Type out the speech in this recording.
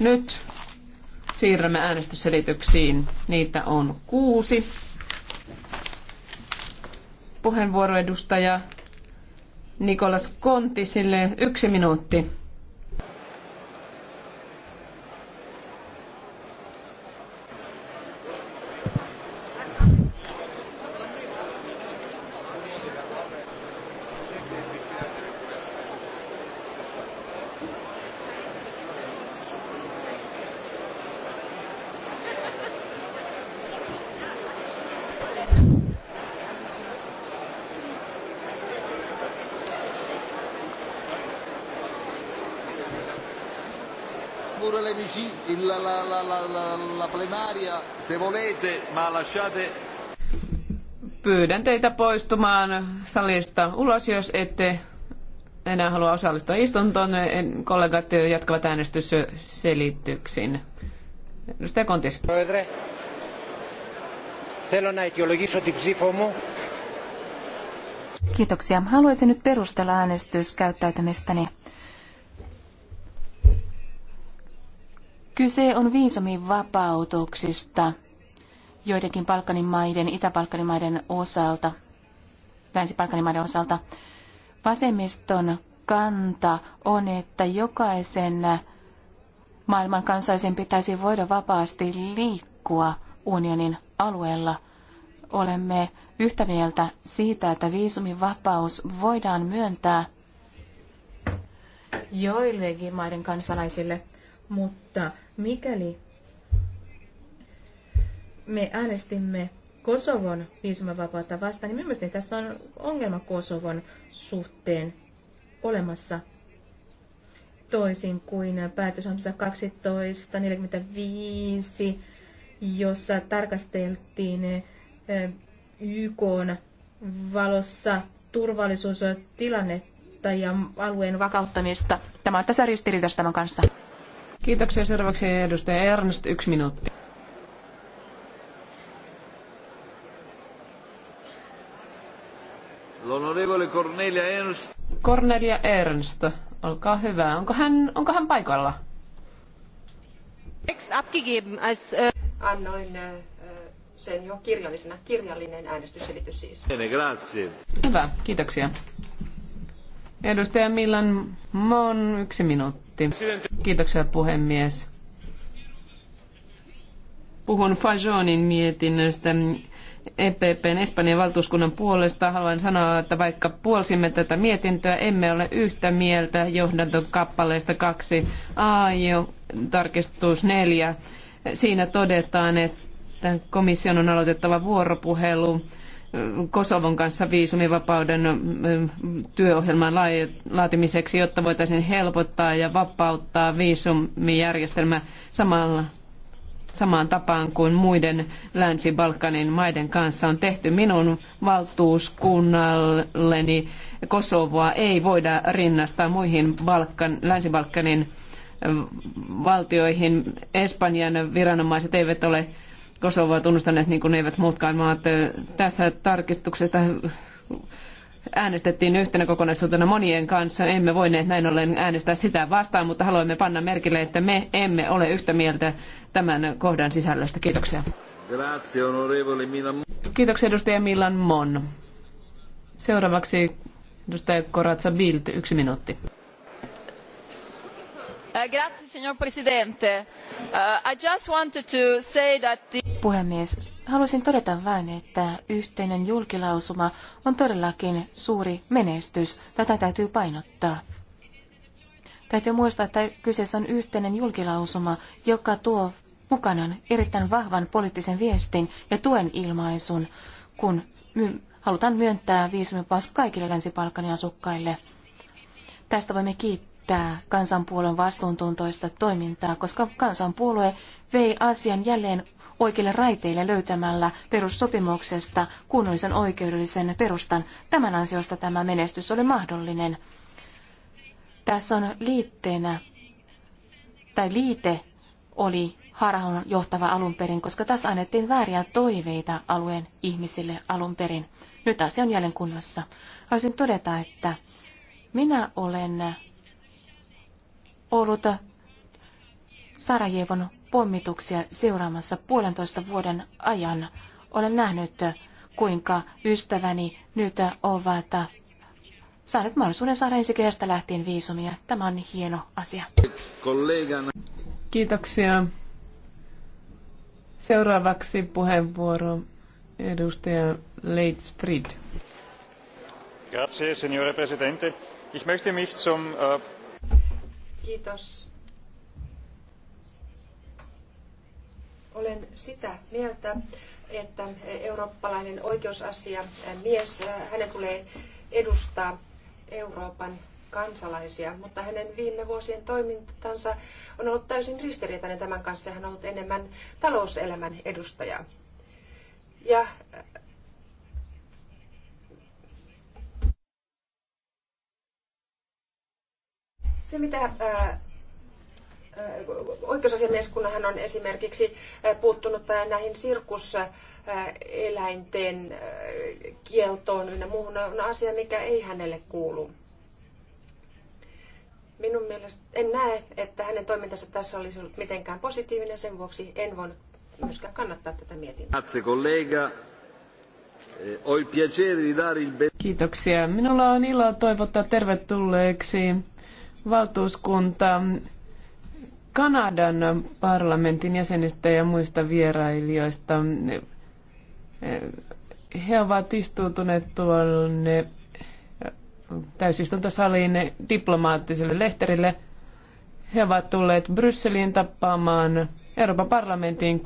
Nyt siirrymme äänestysselityksiin. Niitä on kuusi. Puheenvuoroedustaja Nikolas Kontisille yksi minuutti. pure la, plenaria, se volete, ma lasciate... Pyydän teitä poistumaan salista ulos, jos ette enää halua osallistua istuntoon. Kollegat jatkavat äänestysselityksin. Edustaja Kontis. Kiitoksia. Haluaisin nyt perustella äänestyskäyttäytymistäni. Kyse on viisumin vapautuksista joidenkin Balkanin maiden, Itä-Balkanin maiden osalta, Länsi-Balkanin maiden osalta. Vasemmiston kanta on, että jokaisen maailman kansaisen pitäisi voida vapaasti liikkua unionin alueella. Olemme yhtä mieltä siitä, että viisumin vapaus voidaan myöntää joillekin maiden kansalaisille, mutta mikäli me äänestimme Kosovon viisumavapautta vastaan, niin mielestäni tässä on ongelma Kosovon suhteen olemassa toisin kuin päätös 1245, jossa tarkasteltiin eh, YK valossa turvallisuustilannetta ja alueen vakauttamista. Tämä on tässä ristiriidassa tämän kanssa. Kiitoksia. Seuraavaksi edustaja Ernst, yksi minuutti. L'onorevole Cornelia Ernst. Cornelia Ernst, olkaa hyvä. Onko hän, onko hän paikalla? Äh, Annoin äh, sen jo kirjallisena. Kirjallinen äänestysselitys siis. Bene, grazie. Hyvä, kiitoksia. Edustaja Millan Mon, yksi minuutti. Kiitoksia puhemies. Puhun Fajonin mietinnöstä EPPn Espanjan valtuuskunnan puolesta. Haluan sanoa, että vaikka puolsimme tätä mietintöä, emme ole yhtä mieltä johdanton kappaleesta 2a, tarkistus 4. Siinä todetaan, että että komission on aloitettava vuoropuhelu Kosovon kanssa viisumivapauden työohjelman laatimiseksi, jotta voitaisiin helpottaa ja vapauttaa viisumijärjestelmä samalla samaan tapaan kuin muiden Länsi-Balkanin maiden kanssa on tehty. Minun valtuuskunnalleni Kosovoa ei voida rinnastaa muihin Balkan, Länsi-Balkanin valtioihin. Espanjan viranomaiset eivät ole Kosovoa tunnustaneet niin kuin eivät muutkaan maat. Tässä tarkistuksesta äänestettiin yhtenä kokonaisuutena monien kanssa. Emme voineet näin ollen äänestää sitä vastaan, mutta haluamme panna merkille, että me emme ole yhtä mieltä tämän kohdan sisällöstä. Kiitoksia. Kiitoksia edustaja Milan Mon. Seuraavaksi edustaja Koratsa Bild, yksi minuutti. Eh, grazie, signor Presidente. Uh, I just wanted to say that the puhemies. Haluaisin todeta vain, että yhteinen julkilausuma on todellakin suuri menestys. Tätä täytyy painottaa. Täytyy muistaa, että kyseessä on yhteinen julkilausuma, joka tuo mukanaan erittäin vahvan poliittisen viestin ja tuen ilmaisun, kun my- halutaan myöntää viisumipas kaikille länsi asukkaille. Tästä voimme kiittää kiittää kansanpuolueen vastuuntuntoista toimintaa, koska kansanpuolue vei asian jälleen oikeille raiteille löytämällä perussopimuksesta kunnollisen oikeudellisen perustan. Tämän ansiosta tämä menestys oli mahdollinen. Tässä on liitteenä, tai liite oli harhaan johtava alun perin, koska tässä annettiin vääriä toiveita alueen ihmisille alun perin. Nyt asia on jälleen kunnossa. Haluaisin todeta, että minä olen ollut Sarajevon pommituksia seuraamassa puolentoista vuoden ajan. Olen nähnyt, kuinka ystäväni nyt ovat saaneet mahdollisuuden saada ensi kesästä lähtien viisumia. Tämä on hieno asia. Kiitoksia. Seuraavaksi puheenvuoro edustaja Leitfried. Grazie, signore Presidente. Ich möchte mich zum äh, Kiitos. Olen sitä mieltä, että eurooppalainen oikeusasia mies, hänen tulee edustaa Euroopan kansalaisia, mutta hänen viime vuosien toimintansa on ollut täysin ristiriitainen tämän kanssa. Hän on ollut enemmän talouselämän edustaja. Ja Se, mitä oikeusasiamies, kun hän on esimerkiksi puuttunut näihin sirkuseläinten kieltoon ynnä muuhun, on asia, mikä ei hänelle kuulu. Minun mielestä en näe, että hänen toimintansa tässä olisi ollut mitenkään positiivinen, sen vuoksi en voinut myöskään kannattaa tätä mietintöä. Eh, Kiitoksia. Minulla on ilo toivottaa tervetulleeksi valtuuskunta Kanadan parlamentin jäsenistä ja muista vierailijoista. He ovat istuutuneet tuonne täysistuntosaliin diplomaattiselle lehterille. He ovat tulleet Brysseliin tapaamaan Euroopan parlamentin